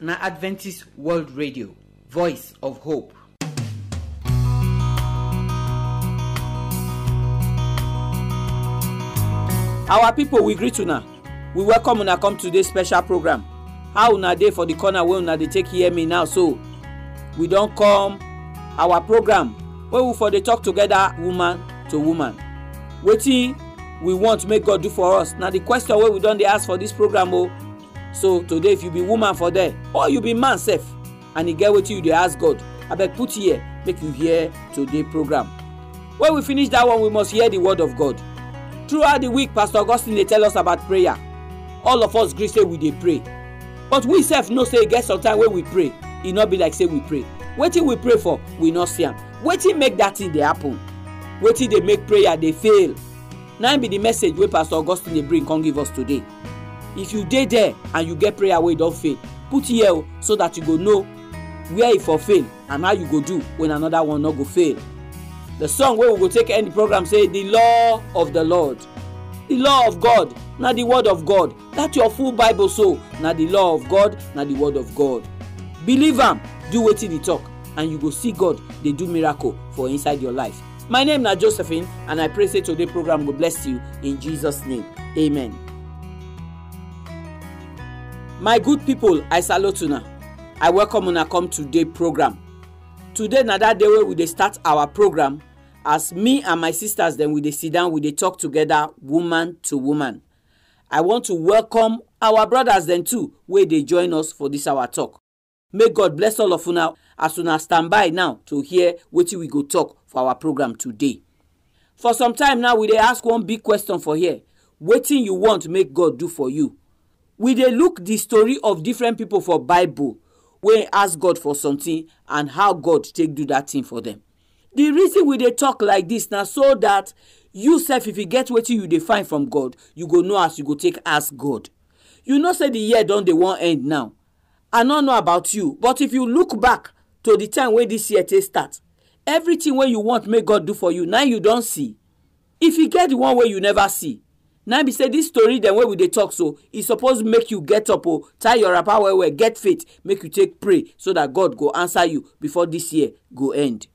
na adventist world radio voice of hope. our people, we greet una we welcome una come today special program how una dey for the corner wey una dey take hear me now so we don come our program wey we for dey talk together woman to woman wetin we want make god do for us na the question wey we don dey ask for this program o. Oh, so today if you be woman for there or you be man sef and e get wetin you dey ask god abeg put ear make you hear today program when we finish that one we must hear the word of god throughout the week pastor augustine dey tell us about prayer all of us gree say we dey pray but we sef know say e get some time wey we pray e no be like say we pray wetin we pray for we no see am wetin make that thing dey happen wetin dey make prayer dey fail na be the message wey pastor augustine dey bring come give us today if you dey there and you get prayer wey e don fail put here o so that you go know where e for fail and how you go do when another one no go fail the song wey we go take end the program say the law of the lord the law of god na the word of god that your full bible so na the law of god na the word of god believe am do wetin e talk and you go see god dey do miracle for inside your life my name na josephine and i pray say today program go bless you in jesus name amen my good people i salute una i welcome una come today program today na that day wey we dey start our program as me and my sisters dem we dey sit down we dey talk together woman to woman i want to welcome our brothers dem too wey dey join us for this our talk may god bless all of una as una stand by now to hear wetin we go talk for our program today for some time now we dey ask one big question for here wetin you want make god do for you we dey look the story of different people for bible wey ask god for something and how god take do that thing for them the reason we dey talk like this na so that you sef if you get wetin you dey find from god you go know as you go take ask god you know say the year don dey wan end now i no know about you but if you look back to the time wey this year take start everything wey you want make god do for you now you don see if e get the one wey you never see na be say dis story dem wey we dey talk so e suppose make you get up o tie your wrapper well well get faith make you take pray so that god go answer you before this year go end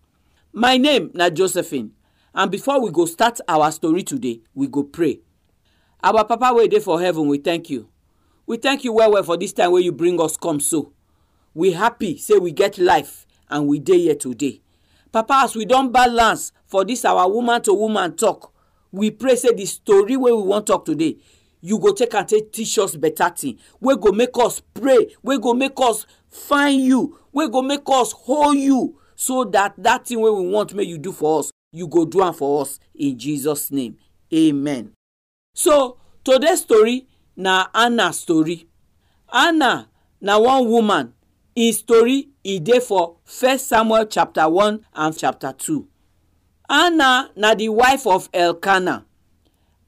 my name na josephine and before we go start our story today we go pray our papa wey dey for heaven we thank you we thank you well well for this time wey you bring us come so we happy say we get life and we dey here today papa as we don balance for this our woman to woman talk we pray say the story wey we wan talk today you go take and take teach us better thing wey go make us pray wey go make us find you wey go make us hold you so that that thing wey we want make you do for us you go do am for us in jesus name amen. so today story na anna story anna na one woman im story e dey for first samuel chapter one and chapter two Anna na the wife of Elkanah.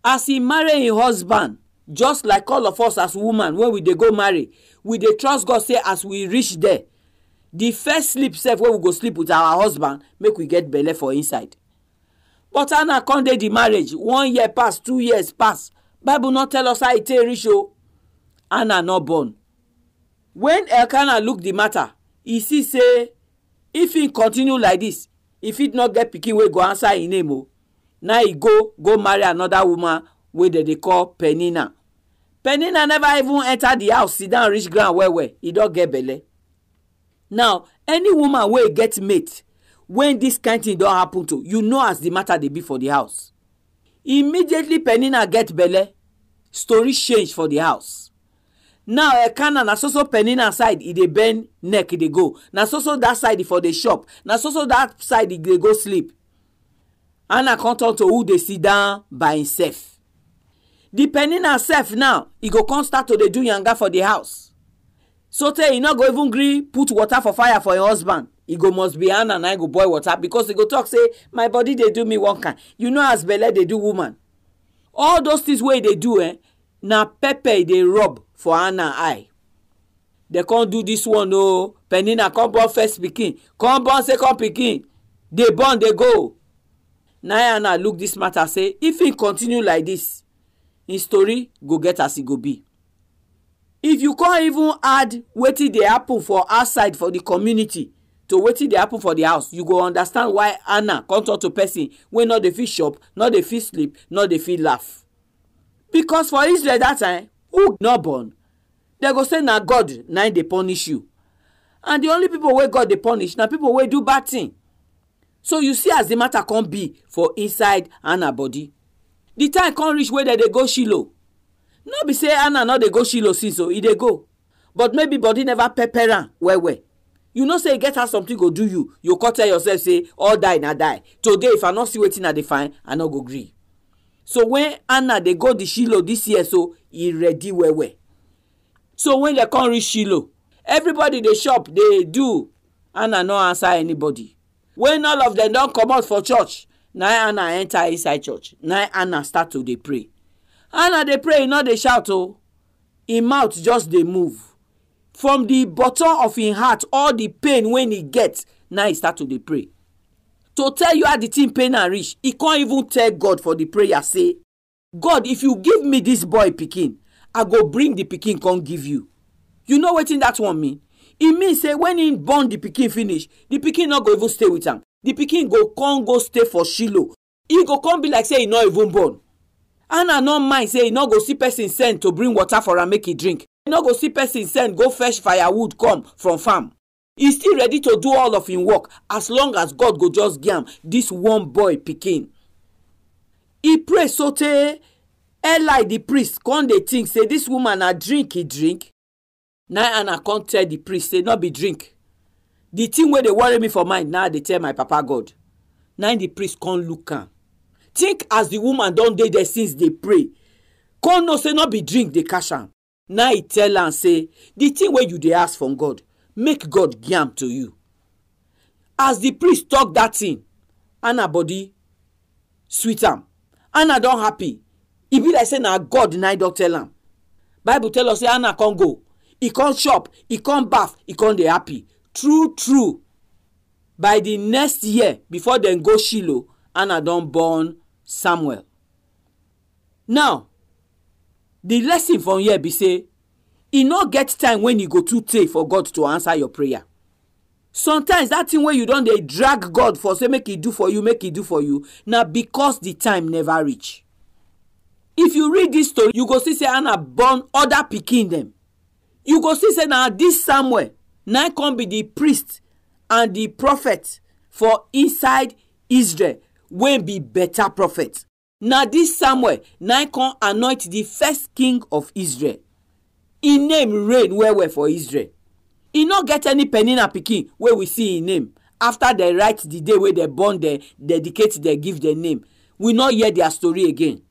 As he marry him husband, just like all of us as woman, when we dey go marry, we dey trust God say as we reach there, the first sleep sef wey we go sleep with our husband make we get belle for inside. But Anna come dey the marriage, one year pass, two years pass. Bible no tell us how e take reach o. Anna no born. When Elkanah look the matter, e see say if he continue like this, e fit no get pikin wey go answer im name o na e go go marry anoda woman wey dem dey call penina penina never even enter di house sit down reach ground well well e don get belle now any woman wey get mate wen dis kain thing don happen to you know as di matter dey be for di house immediately penina get belle story change for di house now elkanah eh, na so so penina side e dey bend neck e dey go na so so that side e for the shop. na so so that side e dey go sleep hannah come turn to who dey sit down by himself the penina sef now e go come start to dey do yanga for the house So sotey e no go even gree put water for fire for im husband e go must be hannah na e go boil water because e go talk say my body dey do me one kind you know as belle dey do woman all those things wey e dey do eh, na pepper e dey rub for Anna, and eye dem come do dis one o penina come born first pikin come born second pikin dey born dey go nayana look dis matter say if e continue like dis im story go get as e go be if you come even add wetin dey happen for outside for the community to wetin dey happen for the house you go understand why anna come turn to person wey no dey fit chop no dey fit sleep no dey fit laugh because for israel that time who no born dem go say na god na him dey punish you and the only people wey god dey punish na people wey do bad thing so you see as the matter come be for inside anna body the time come reach wey dem dey go shilo, no be say anna no dey go shilo since o e dey go but maybe body never pepper am well well you know say e get how something go do you you come tell yourself say all die na die today if i no see wetin i dey find i no go gree so when anna dey go the shilo this year so e ready well well so when dem come reach shilo, everybody dey shop dey do anna no answer anybody When all of dem don comot for church na anna enter inside church na anna start to dey pray anna dey pray e no dey shout o oh. im mouth just dey move from di bottom of im heart all di pain wey e get na e start to dey pray to tell you how the thing pain and reach he can't even tell god for the prayer say god if you give me this boy pikin i go bring the pikin come give you you know wetin that one mean e mean say when im born the pikin finish the pikin no go even stay with am the pikin go come go stay for shilo e go come be like say e no even born anna no mind say e no go see person send to bring water for am make e drink e no go see person send go fetch firewood come from farm He still ready to do all of him work as long as god go just give am this one boy pikin He pray so sotey eli the priest come dey think say this woman na drink he drink na anna come tell the priest say no be drink The thing wey dey worry me for mind na i dey tell my papa god na the priest come look am think as the woman don dey there since dey pray come know say no be drink dey catch am na e tell am say the thing wey you dey ask from god make god yam to you as the priest talk that thing anna body sweet am anna don happy e be like say na god na e don tell am bible tell us say anna come go e come chop e come baff e come dey happy true true by the next year before dem go shilo, anna don born samuel now the lesson from here be say e no get time when e go too tey for god to answer your prayer sometimes that thing wey you don dey drag god for say make e do for you make e do for you na because the time never reach if you read this story you go see say anna born other pikin dem you go see say na this samuel na come be the priest and the prophet for inside israel wey be better prophet na this samuel na come anoint the first king of israel e name reign well well for israel e no get any penina pikin wey we see e name after dem write the day wey dem born dem dedicate dem give dem name we no hear their story again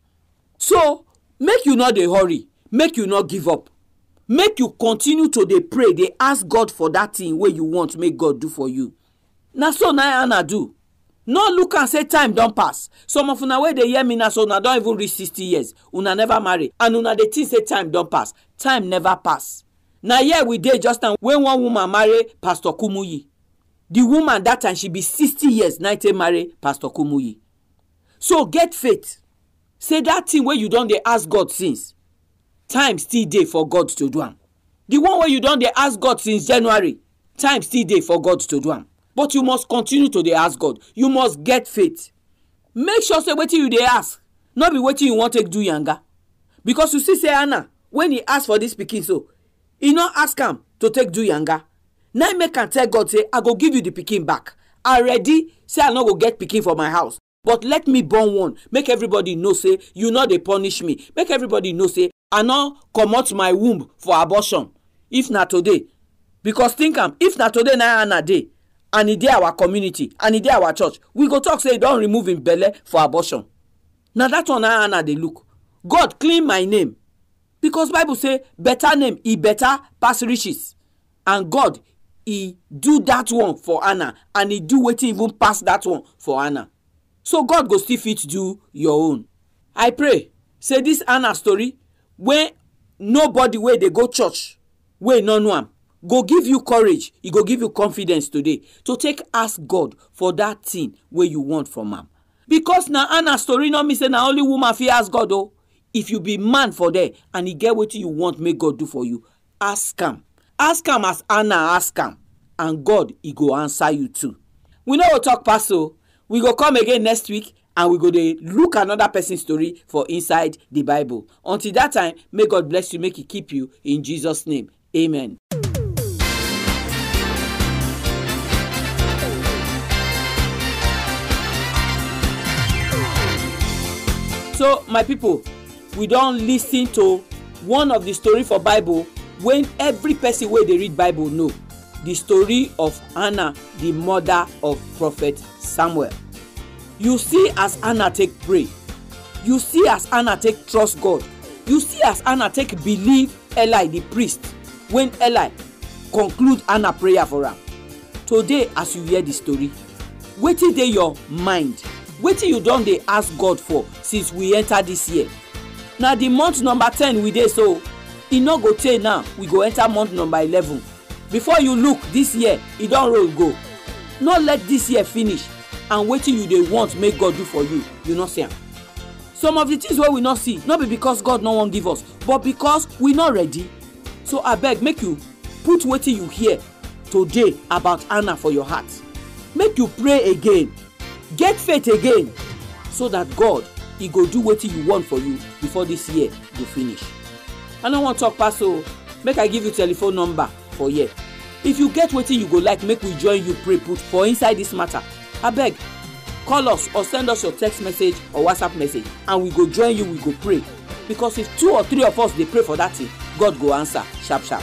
so make you no dey hurry make you no give up make you continue to dey pray dey ask god for that thing wey you want make god do for you na so na anna do no look am say time don pass some of una wey dey hear me na so una don even reach sixty years una never marry and una dey think say time don pass time never pass na here we dey just now when one woman marry pastor kumuyi the woman that time she be sixty years na take marry pastor kumuyi so get faith say that thing wey you don dey ask god since time still dey for god to do am the one wey you don dey ask god since january time still dey for god to do am but you must continue to dey ask god you must get faith make sure say wetin you dey ask no be wetin you wan take do yanga because you see say anna when he ask for this pikin so he no ask am to take do yanga na make am tell god say i go give you the pikin back i ready say i no go get pikin for my house but let me born one make everybody know say you no dey punish me make everybody know say i no comot my womb for abortion if na today because think am if na today na anna dey and e dey our community and e dey our church we go talk say e don remove im belle for abortion na dat one na anna dey look god clean my name because bible say better name e better pass riches and god e do dat one for anna and e do wetin even pass dat one for anna so god go still fit do your own i pray say dis anna story wey nobody wey dey go church wey no know am go give you courage He go give you confidence today to take ask god for that thing wey you want from am because na anna story no mean say na only woman fit ask god o if you be man for there and e get wetin you want make god do for you ask am ask am as anna ask am and god e go answer you too we no go talk pass o we go come again next week and we go dey look another person story for inside the bible until that time may god bless you make he keep you in jesus name amen. so my people we don lis ten to one of the story for bible wey every person wey dey read bible know the story of Anna, the mother of prophet samuel you see as Anna take pray you see as Anna take trust god you see as Anna take believe eli the priest when eli conclude Anna prayer for am today as you hear the story wetin dey your mind wetin you don dey ask god for since we enter this year na the month number ten we dey so e no go tey now we go enter month number eleven before you look this year e don roll go no let this year finish and wetin you dey want make god do for you you no see am some of the things wey we no see no be because god no wan give us but because we no ready so abeg make you put wetin you hear today about anna for your heart make you pray again get faith again so that god he go do wetin you want for you before this year go finish i no wan talk pass o make i give you telephone number for here if you get wetin you go like make we join you pray put for inside this matter abeg call us or send us your text message or whatsapp message and we go join you we go pray because if two or three of us dey pray for that thing god go answer sharp sharp.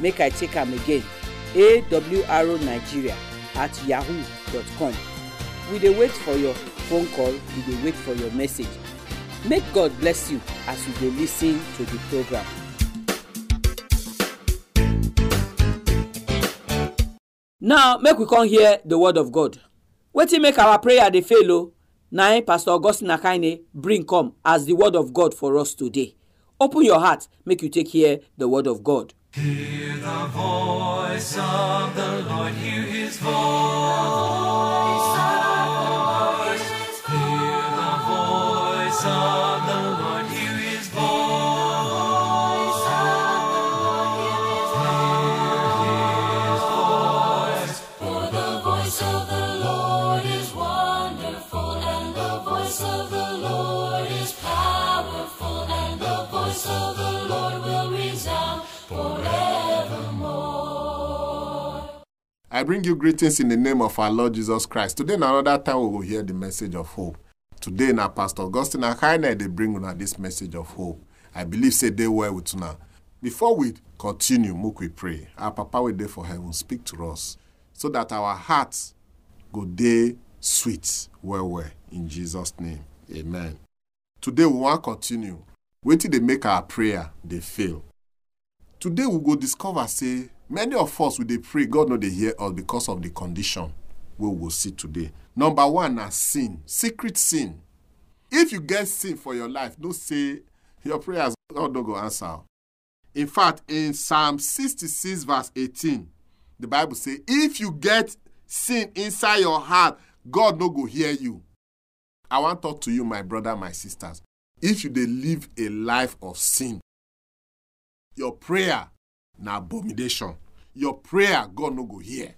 make i take am again awronigeria at yahoo dot com we dey wait for your phone call we dey wait for your message make god bless you as you dey lis ten to the program. now make we come hear the word of god wetin make our prayer dey fail o na im pastor augustine Akane, bring come as the word of god for us today open your heart make you take hear the word of god. Hear the voice of the Lord, hear his voice. I bring you greetings in the name of our Lord Jesus Christ. Today, na another time we will hear the message of hope. Today, na Pastor Augustine Akaina they bring una this message of hope. I believe say they were with una. Before we continue, make we pray. Our Papa wey there for heaven, speak to us so that our hearts go day sweet well well in Jesus' name. Amen. Today, we wan continue. Wait till they make our prayer They fail? Today, we go discover say Many of us, we they pray, God know they hear us because of the condition we will see today. Number one is sin, secret sin. If you get sin for your life, don't say your prayers, God don't go answer. In fact, in Psalm 66, verse 18, the Bible says, if you get sin inside your heart, God no go hear you. I want to talk to you, my brother, my sisters. If you they live a life of sin, your prayer an abomination your prayer god no go hear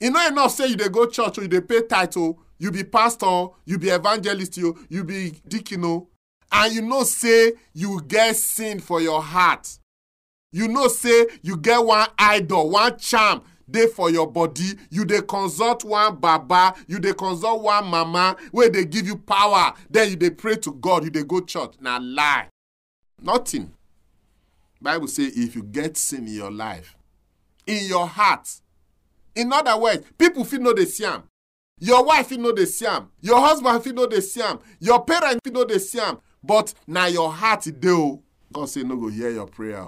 e no enough say you dey go church or you dey pay title you be pastor you be evangelist you be deacon and you know say you get sin for your heart you know say you get one idol one charm dey for your body you dey consult one baba you dey consult one mama where they give you power then you dey pray to god you dey go church Now lie nothing bible say if you get sin in your life in your heart in other words people feel no the siam your wife feel no the siam your husband feel no the siam your parents feel no the siam but now your heart do god say no go hear your prayer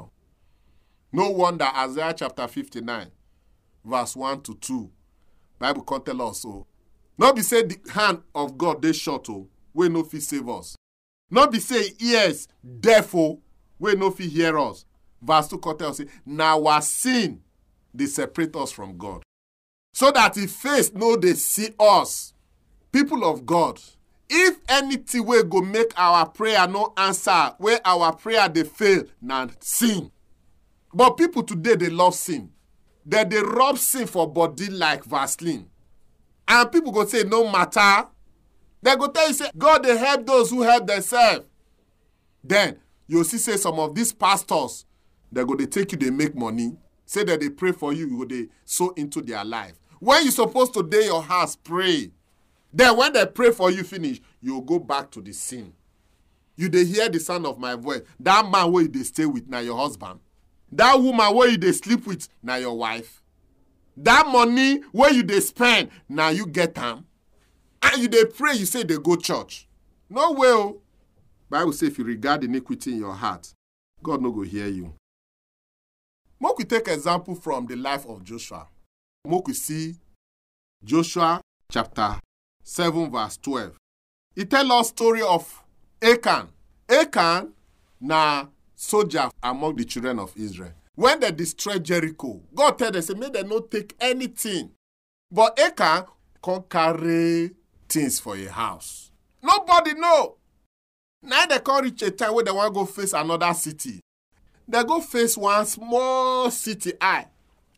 no wonder isaiah chapter fifty-nine verse one to two bible can tell us o not be say the hand of god they shut o where no fit save us Not be say ears deaf o no fit hear us verse two can tell us say na our sin they separate us from God. So that if face no they see us, people of God, if anything wey go make our prayer no answer, where our prayer they fail, na sin. But people today they love sin. that they rub sin for body like Vaseline. And people go say no matter. they go tell you say God they help those who help themselves. Then you see say some of these pastors, they go they take you they make money say that they pray for you, you go they sow into their life. When you supposed to day your house, pray. Then when they pray for you finish, you go back to the sin. You they hear the sound of my voice. That man where they stay with now your husband. That woman where you they sleep with now your wife. That money where you they spend now you get them. And you they pray, you say they go church. No well. Oh. Bible say if you regard iniquity in your heart, God no go hear you. Make we take example from the life of Joshua. Make we see Joshua chapter 7 verse 12. He tell us story of Achan. Achan na soldier among the children of Israel. When they destroy Jericho, God tell them say may they not take anything. But Achan can carry things for a house. Nobody know. Now they can reach a time where they want to go face another city. they go face one small city eye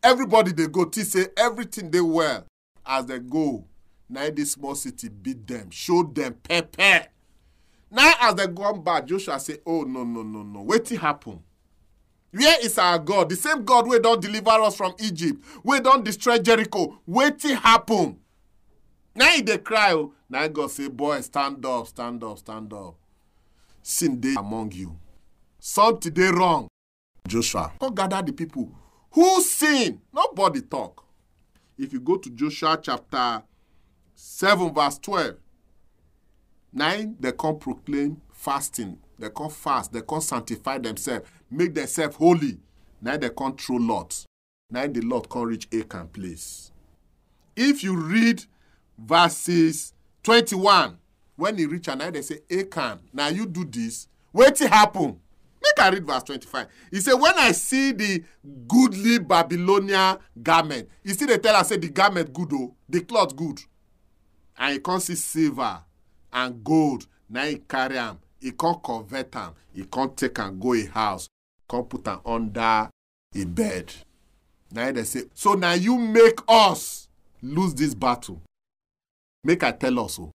everybody they go to say everything they well as they go now this small city beat them, show them pepper now as go come back joshua say oh no no no no wetin happen where is our god the same god we don't deliver us from egypt We don't destroy jericho wetin happen Now they cry oh. Now na god say boy stand up stand up stand up sin day among you something they wrong Joshua, come gather the people. Who sin? Nobody talk. If you go to Joshua chapter 7, verse 12, 9, they come proclaim fasting. They come fast. They come sanctify themselves, make themselves holy. Now they come through Lot. Now the Lord come reach Achan place. If you read verses 21, when he reach and they say, Achan, now you do this. Wait till happen. Make I read verse 25. He say, When I see the goodly Babylonian garment, you see, they tell us, say, the garment good, oh, the cloth good. And he can't see silver and gold. Now he carry him. He can't convert him. He can't take and go a house. Can't put him under a bed. Now they say, So now you make us lose this battle. Make I tell us, oh,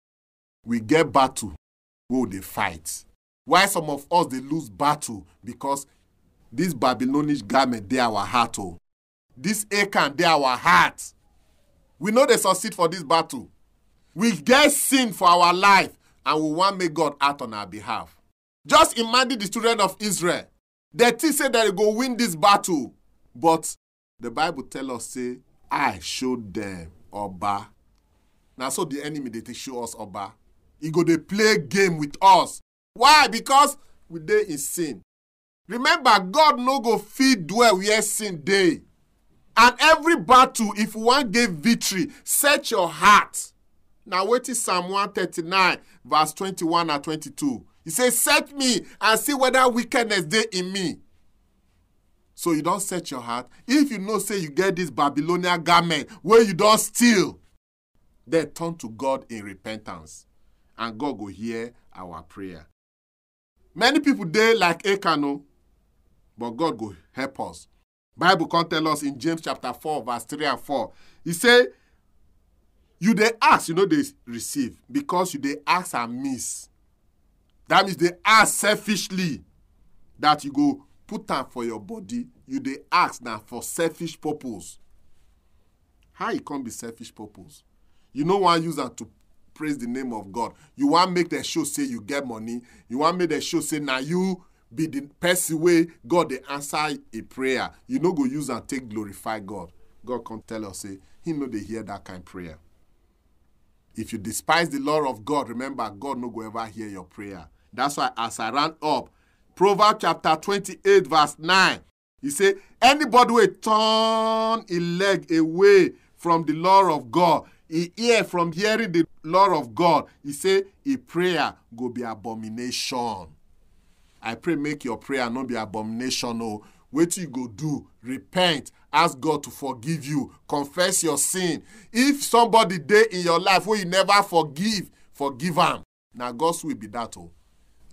we get battle, we will they fight why some of us dey lose battle because this babylonish garment dey our heart o oh. this achan dey our heart we no dey succeed for this battle we get sin for our life and we wan make god act on our behalf just imagine the children of israel dem think say dem go win this battle but the bible tell us say i show dem oba na so the enemy dey take show us oba e go dey play game with us Why? Because we dey in sin. Remember, God no go feed dwell where sin day. And every battle, if one gave victory, set your heart. Now, wait. wetin Psalm 139 verse 21 and 22. He says, set me and see whether wickedness day in me. So you don't set your heart. If you know say you get this Babylonian garment where you don't steal, then turn to God in repentance and God will hear our prayer many people they like akano but god go help us bible can tell us in james chapter 4 verse 3 and 4 He say you they ask you know they receive because you they ask and miss that means they ask selfishly that you go put that for your body you they ask now for selfish purpose how it can be selfish purpose you know why use that to praise the name of God. You want make the show say you get money. You want make the show say now you be the person way God they answer a prayer. You know go use and take glorify God. God can tell us say He know they hear that kind of prayer. If you despise the law of God, remember God no go ever hear your prayer. That's why as I ran up, Proverbs chapter 28, verse 9. He say, anybody will turn a leg away from the law of God, he hear from hearing the law of god he say a prayer go be abomination i pray make your prayer not be abomination Oh, what you go do repent ask god to forgive you confess your sin if somebody day in your life wey you never forgive forgive him. Now god's will be that Oh,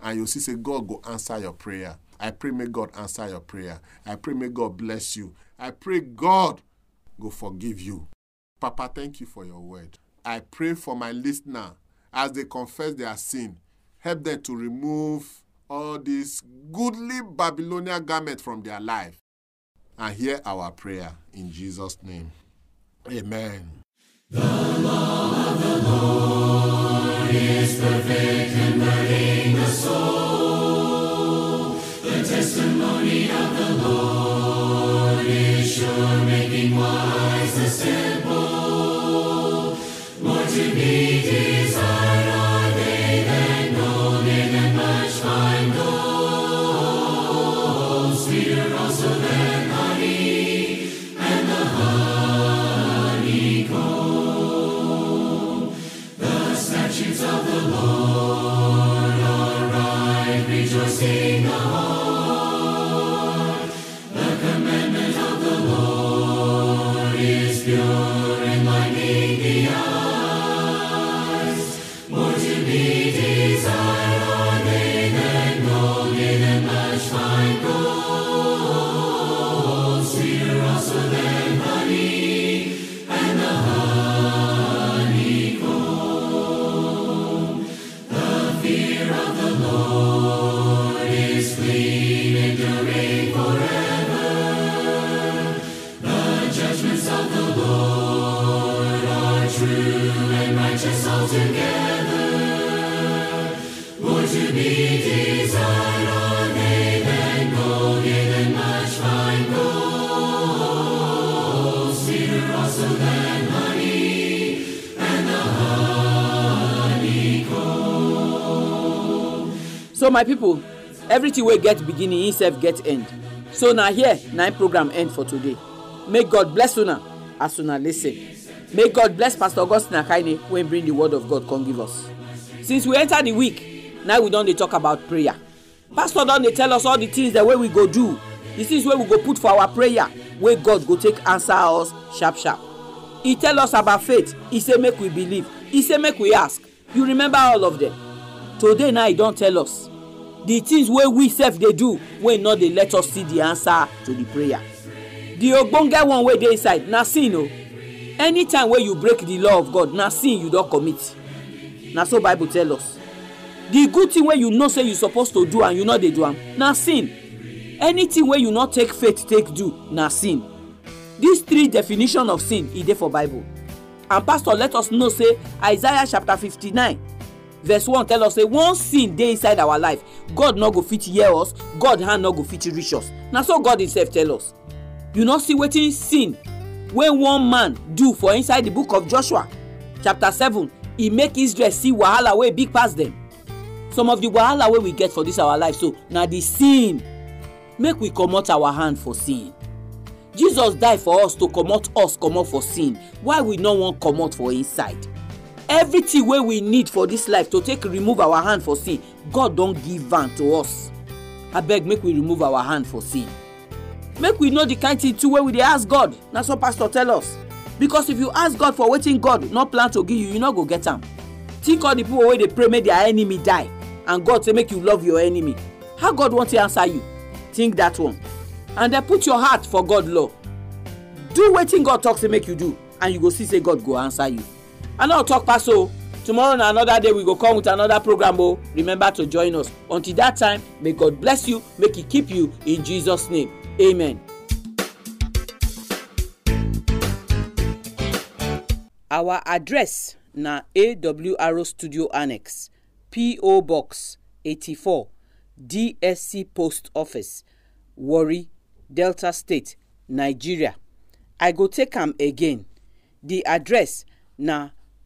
and you see say god go answer your prayer i pray may god answer your prayer i pray may god bless you i pray god go forgive you Papa, thank you for your word. I pray for my listener as they confess their sin. Help them to remove all this goodly Babylonian garment from their life. And hear our prayer in Jesus' name. Amen. The law of the Lord is perfect, the soul. The testimony of the Lord is sure, making wise. my people, everything wey get beginning im get end so na here na im program end for today May god bless una as una lis ten may god bless pastor augustine akaine wey bring the word of god come give us since we enter the week now we don dey talk about prayer pastor don dey tell us all the things dem wey we go do the things wey we go put for our prayer wey god go take answer us sharp sharp He tell us about faith He say make we believe He say make we ask you remember all of them today now he don tell us the things wey we sef dey do wey no dey let us see the answer to the prayer the ogbonge one wey dey inside na sin o anytime wey you break the law of god na sin you don commit na so bible tell us the good thing wey you know say you suppose to do and you no dey do am na sin anything wey you no take faith take do na sin these three definition of sin e dey for bible and pastor let us know say isaiah chapter fifty-nine verse one tell us say one sin dey inside our life god no go fit hear us god hand no go fit reach us na so god himself tell us you no see wetin sin wey one man do for inside the book of joshua chapter seven e make israel see wahala wey big pass dem some of the wahala wey we get for this our life so na the sin make we comot our hand for sin jesus die for us to comot us comot for sin why we no wan comot for inside everything wey we need for this life to take remove our hand for sin god don give am to us abeg make we remove our hand for sin make we know the kind thing too wey we dey ask god na so pastor tell us because if you ask god for wetin god no plan to give you you no go get am think all the people wey dey pray make their enemy die and god say make you love your enemy how god wan take answer you think that one and then put your heart for god law do wetin god talk say make you do and you go see say god go answer you i no talk pass o tomorrow na another day we go come with another program o oh. remember to join us until that time may god bless you make he keep you in jesus name amen. our address na awro studio annex po box 84, dsc post office warri delta state nigeria i go take am again the address na